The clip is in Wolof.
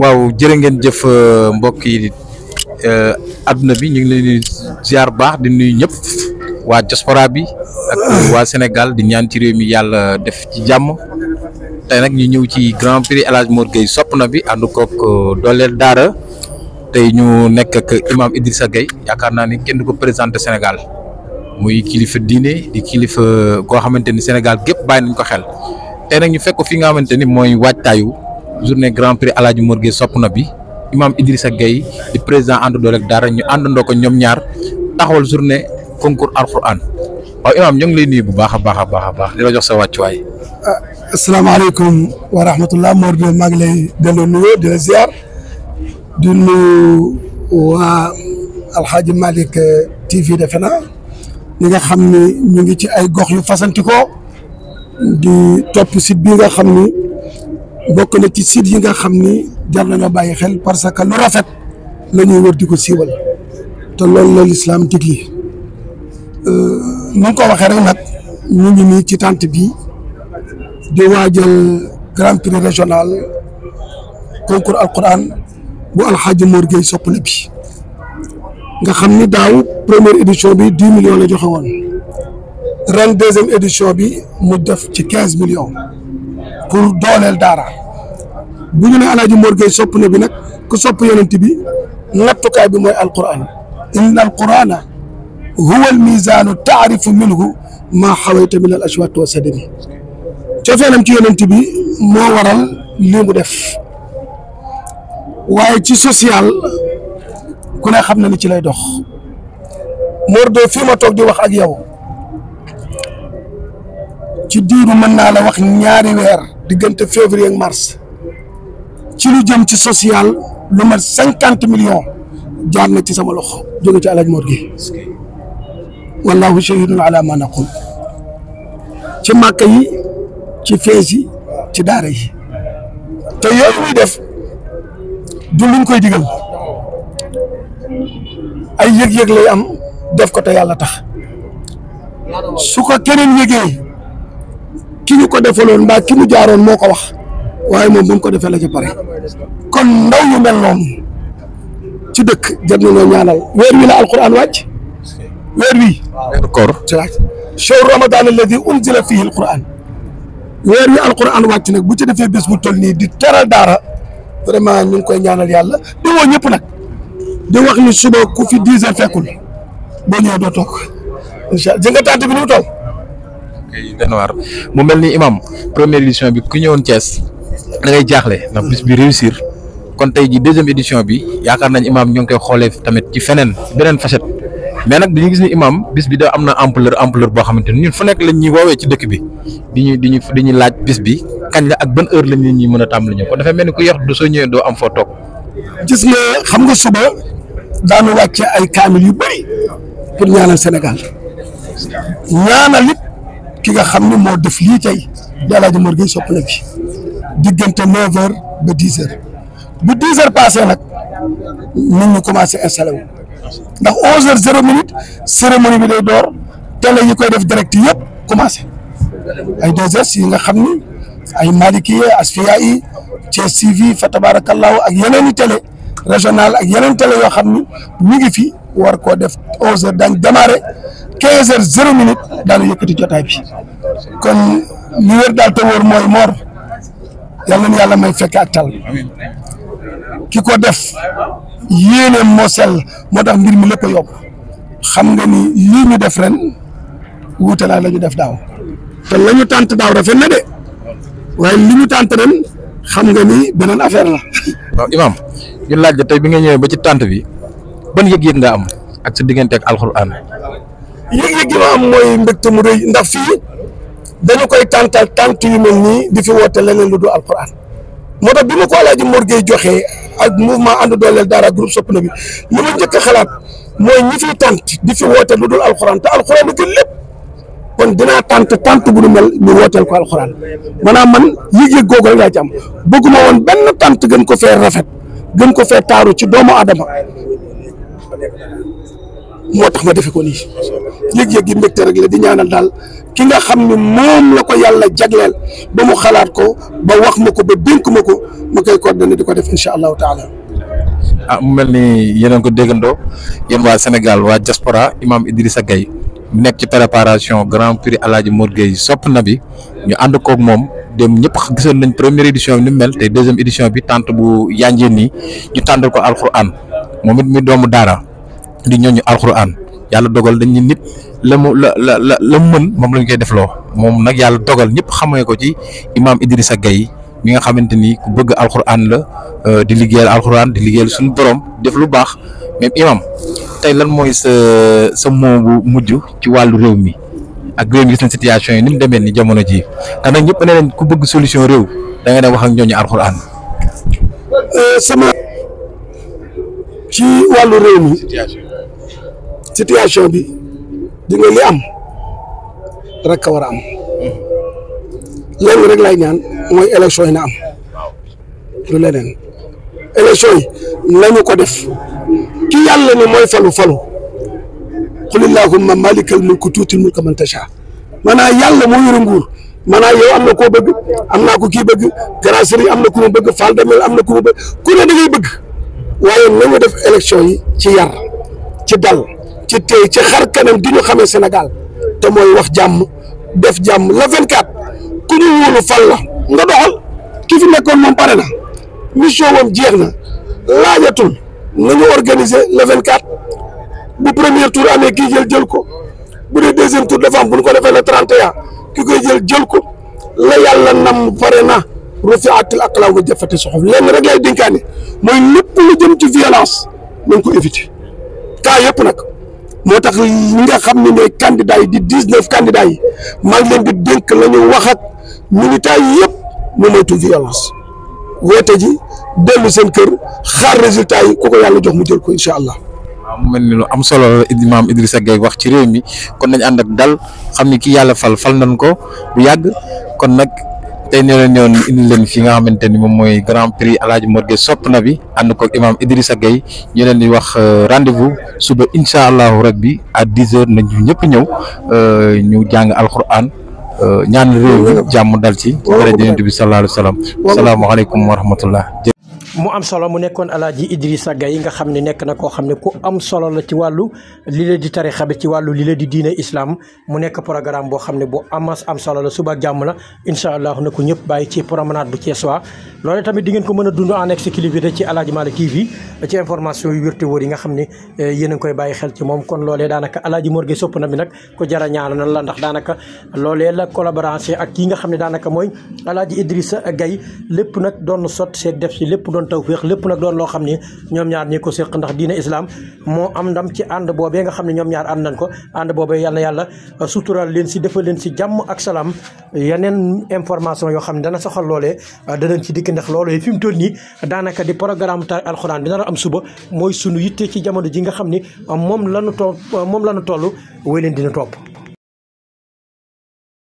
waaw jërë ngeen jëf euh, mbokk yi euh, adduna bi ñu ngi leen di ziar baax di nuyu ñëpp waa diaspora bi ak waa Sénégal di ñaan ci réew mi yàlla def ci jàmm tey nag ñu ñëw ci grand prix El Hadj Mor Gueye sopp na bi ànd kook euh, dooleel daara tey ñu nekk ak imam Idrissa Gueye yaakaar naa ni kenn du ko présenté Sénégal muy kilifa diine di kilifa koo xamante ni Sénégal gépp bàyyi nañ ko xel tey nag ñu fekk fi nga xamante ni mooy waajtaayu. journée grand prix El Hadj Mor sopp na bi imam Idrissa Gueye di président ànd doole ak daara ñu àndandoo ko ñoom ñaar taxawal journée concours alquran waaw imaam ñoo ngi lay nuyu bu baax a baax a baax a baax di la jox sa wàccuwaay. Ah, asalaamaaleykum wa rahmatullah Mor Gueye maa ngi lay delloo nuyoo di la ziar di nuyu waa Alxaaji Malick eh, TV defe na ñi nga xam ni ñu ngi ci ay gox yu fasantikoo di topp site bi nga xam ni. bokk na ci sites yi nga xam ni jar nañoo bàyyi xel parce que lu rafet la ñuy wër di ko siiwal te loolu la lislaam digli nu ko waxee rek nag ñu ngi nii ci tànt bi di waajal grand prix régional concours alquran bu alxaaji Mor Gueye soppale bi nga xam ni daaw première édition bi dix millions la joxe woon ren deuxième bi mu def ci quinze millions pour dooleel daara bu ñu ne alaaji Mor sopp na bi nag ku sopp yonent bi nattukaay bi mooy alquran inna alqurana huwa almizaanu taarifu minhu maa xawayta min al ashwaati wa sadami cofeelam ci yonent bi moo waral lii def waaye ci social ku xam na ni ci lay dox Mor Gueye fii di wax ak yow ci diiru mën naa la wax ñaari weer diggante février ak mars ci lu jëm ci social lu mat cinquante millions jaar na ci sama loxo jóge ci alaaj Mor gi wallahu shahidun ala ma naqul ci màkk yi ci fees ci daara yi te yooyu muy def du luñ koy digal ay yëg-yëg lay am def ko te yàlla tax su keneen yëgee kii ñu ko defaloon mbaa ki mu jaaroon moo ko wax waaye moom bu mu ko defee la ci pare kon ndaw yu mel noonu ci dëkk jar nañoo ñaanal weer wi la alquran wàcc weer wi weeru koor ci wàcc shahru ramadan alladi unzila fihi alquran weer wi alquran wàcc nag bu ci defee bés bu toll nii di teral daara vraiment ñu ngi koy ñaanal yàlla di woo ñëpp nag di wax ni suba ku fi dix heures fekkul boo ñëw doo toog incha allah jënga tànt bi nu mu toll yi dana mu mel ni imam première édition bi ku ñëwoon Thiès da ngay jaaxle ndax bis bi réussir kon tey ji deuxième édition bi yaakaar nañ imam ñoo ngi koy xoolee tamit ci feneen beneen facette mais nag ñu gis ni imam bis bi de am na empleur empleur boo xamante ni ñun fu nekk lañ ñuy woowee ci dëkk bi di ñu di ñu di ñu laaj bis bi kañ la ak ban heure lañ ñu mën a tàmbali ñu ko dafay mel ni ku yor du soo ñëwee doo am foo toog. gis nga xam nga suba daanu wàcce ay kaamil yu bëri pour ñaanal Sénégal ki nga xam ne moo def lii tey di El Hadj Mor Gueye Soxna diggante 9h ba 10h bu 10h passé nag nit ñu commencé installé wu ndax 11h00 minute cérémonie bi day door télé yi koy def direct yëpp commencé ay 2S yi nga xam ni ay Malikiye Asfiya yi Thiès TV fa tabarakallahu ak yeneen i télé régional ak yeneen télé yoo xam ni ñu ngi fi war koo def 11h daañu démarré. quinze heures zéro minute daal yëkkati jotaay bi kon li wér daal te wóor mooy yàlla may fekk ak tal ki ko def yéeneem moo sell moo tax mbir mu lépp a yokk xam nga ni lii ñu def ren wuute laa la ñu def daaw te la ñu tànt daaw rafet na de waaye li ñu tànt ren xam nga ni beneen affaire la. waaw Imaam ñu laaj la tey bi nga ñëwee ba ci tànt bi ban yëg-yëg nga am ak sa diggante ak alxuraan yëg-yëg ma am mooy mbégte mu rëy ndax fii dañu koy tàntal tant yu mel nii di fi woote leneen lu dul alquran moo tax bi ma ko Alaaji Mor Gueye joxee ak mouvement ànd dooleel daara groupe Sopp Nabi li ma njëkk a xalaat mooy ñi fi tànt di fi woote lu dul alquran te alquran lu gën lépp kon dinaa tànt tànt bu nu mel ñu wooteel ko alquran maanaam man yëg-yëg googu rek laa ci am bëgguma woon benn tànt gën ko fee rafet gën ko fee taaru ci doomu adama moo tax ma defe ko nii yëg-yëg gi mbégte rek la di ñaanal daal ki nga xam ne moom la ko yàlla jagleel ba mu xalaat ko ba wax ma ko ba dénk ma ko ma koy coordonné di ko def incha allahu taala. ah mu mel ni yeneen ko déggandoo yéen waa Sénégal waa diaspora imam Idrissa Gueye nekk ci préparation grand prix El Hadj Mor Gueye sopp na bi ñu ànd kook moom dem ñëpp gisoon nañ première édition bi ni mu mel te deuxième édition bi tànt bu yanjeen nii ñu tàndal ko alquran moom it mi doomu daara. di ñooñu alxuraan yàlla dogal dañ nit la mu la la la la mën moom lañ koy defloo moom nag yàlla dogal ñëpp xamee ko ci imaam Idrissa Gueye mi nga xamante ni ku bëgg alxuraan la euh, di liggéeyal alxuraan di liggéeyal suñu borom def lu baax même imaam tey lan mooy sa sa moo bu mujj ci wàllu réew mi ak réew mi gis na situation yi ni mu demee ni jamono ji te nag ñëpp ne nañ ku bëgg solution réew da nga dem wax ak ñooñu alxuraan euh, sama ci wàllu réew mi situation bi di nga am rek ka war am lenn rek lay ñaan mooy élection yi na am lu leneen élection yi nañu ko def ki yàlla ne mooy falu falu qul illahumma malikal mulki tuutil mulka man tasha maanaam yàlla moo yore nguur maanaam yow am na koo bëgg am naa ko kii bëgg grand sëriñ am na ku mu bëgg Fall Damel am na ku mu bëgg ku ne da ngay bëgg waaye def élection yi ci yar ci dal ci tey ci xar kanam di ñu xamee Sénégal te mooy wax jàmm def jàmm la 24 ku ñu wóolu fal la nga doxal ki fi nekkoon moom pare na mission moom jeex na laajatul nañu organiser le 24 bu premier tour amee kii jël jël ko bu dee deuxième tour dafa am bu ñu ko defee le 31 ki koy jël jël ko la yàlla nam pare na ak rufi'atil aqlaam wa jaffati suhuf lenn rek lay dénkaane mooy lépp lu jëm ci violence nañ ko éviter cas yëpp nag. moo tax ñi nga xam ne ñooy candidats yi di dix neuf candidats yi maa ngi leen di dénk la ñu wax ak militants yi yëpp ñu moytu violence woote ji dellu seen kër xaar résultat yi ku ko yàlla jox mu jël ko incha allah. waaw mel ni lu am solo la Imaam Idrissa Gueye wax ci réew mi kon nañ ànd ak dal xam ni ki yàlla fal fal nañ ko bu yàgg kon nag. tey ñoo leen indi leen fi nga xamante ni moom mooy grand prix El Hadj Mor Gueye sopp na bi ànd koog imam Idrissa Gueye ñu leen di wax euh, rendez-vous suba incha allahu rabbi à dix heures nañ ñëpp ñëw euh, ñu jàng alquran euh, ñaan réew mi jàmm dal ci. waaw waaw ci rajo yonent bi sallallahu alayhi wa sallam. mu am solo mu nekkoon alaaji Idrissa Gaye nga xam ne nekk na koo xam ne ku am solo la ci wàllu li la di tarixa ci wàllu li la di diine islam mu nekk programme boo xam ne bu amas am solo la suba jàmm la incha allah na ko ñëpp bàyyi ci promenade bu Thiès waa loolu tamit di ngeen ko mën a dund en exclusivité ci Aladji Malick TV ci information yu wér te wóor yi nga xam ne eh, yéen a koy bàyyi xel ci moom kon loolee daanaka alaaji morgue sopp na bi nag ko jara la ndax daanaka loolee la collaboration ak kii nga xam ne daanaka mooy alaaji Idrissa Gaye lépp nag doon sot def si lépp doon tawféex lépp nag doon loo xam ni ñoom ñaar ñi ko séq ndax diine islam moo am ndam ci ànd boobee nga xam ne ñoom ñaar ànd nañ ko ànd boobee yàlla yàlla suturaal leen si defal leen si jàmm ak salaam yeneen information yoo xam ne dana soxal loole danañ ci dikk ndax loolu fi mu toll nii daanaka di programme ta alxuraan bi nar a am suba mooy sunu yitte ci jamono ji nga xam ni moom lanu to moom lanu toll wéy leen dina topp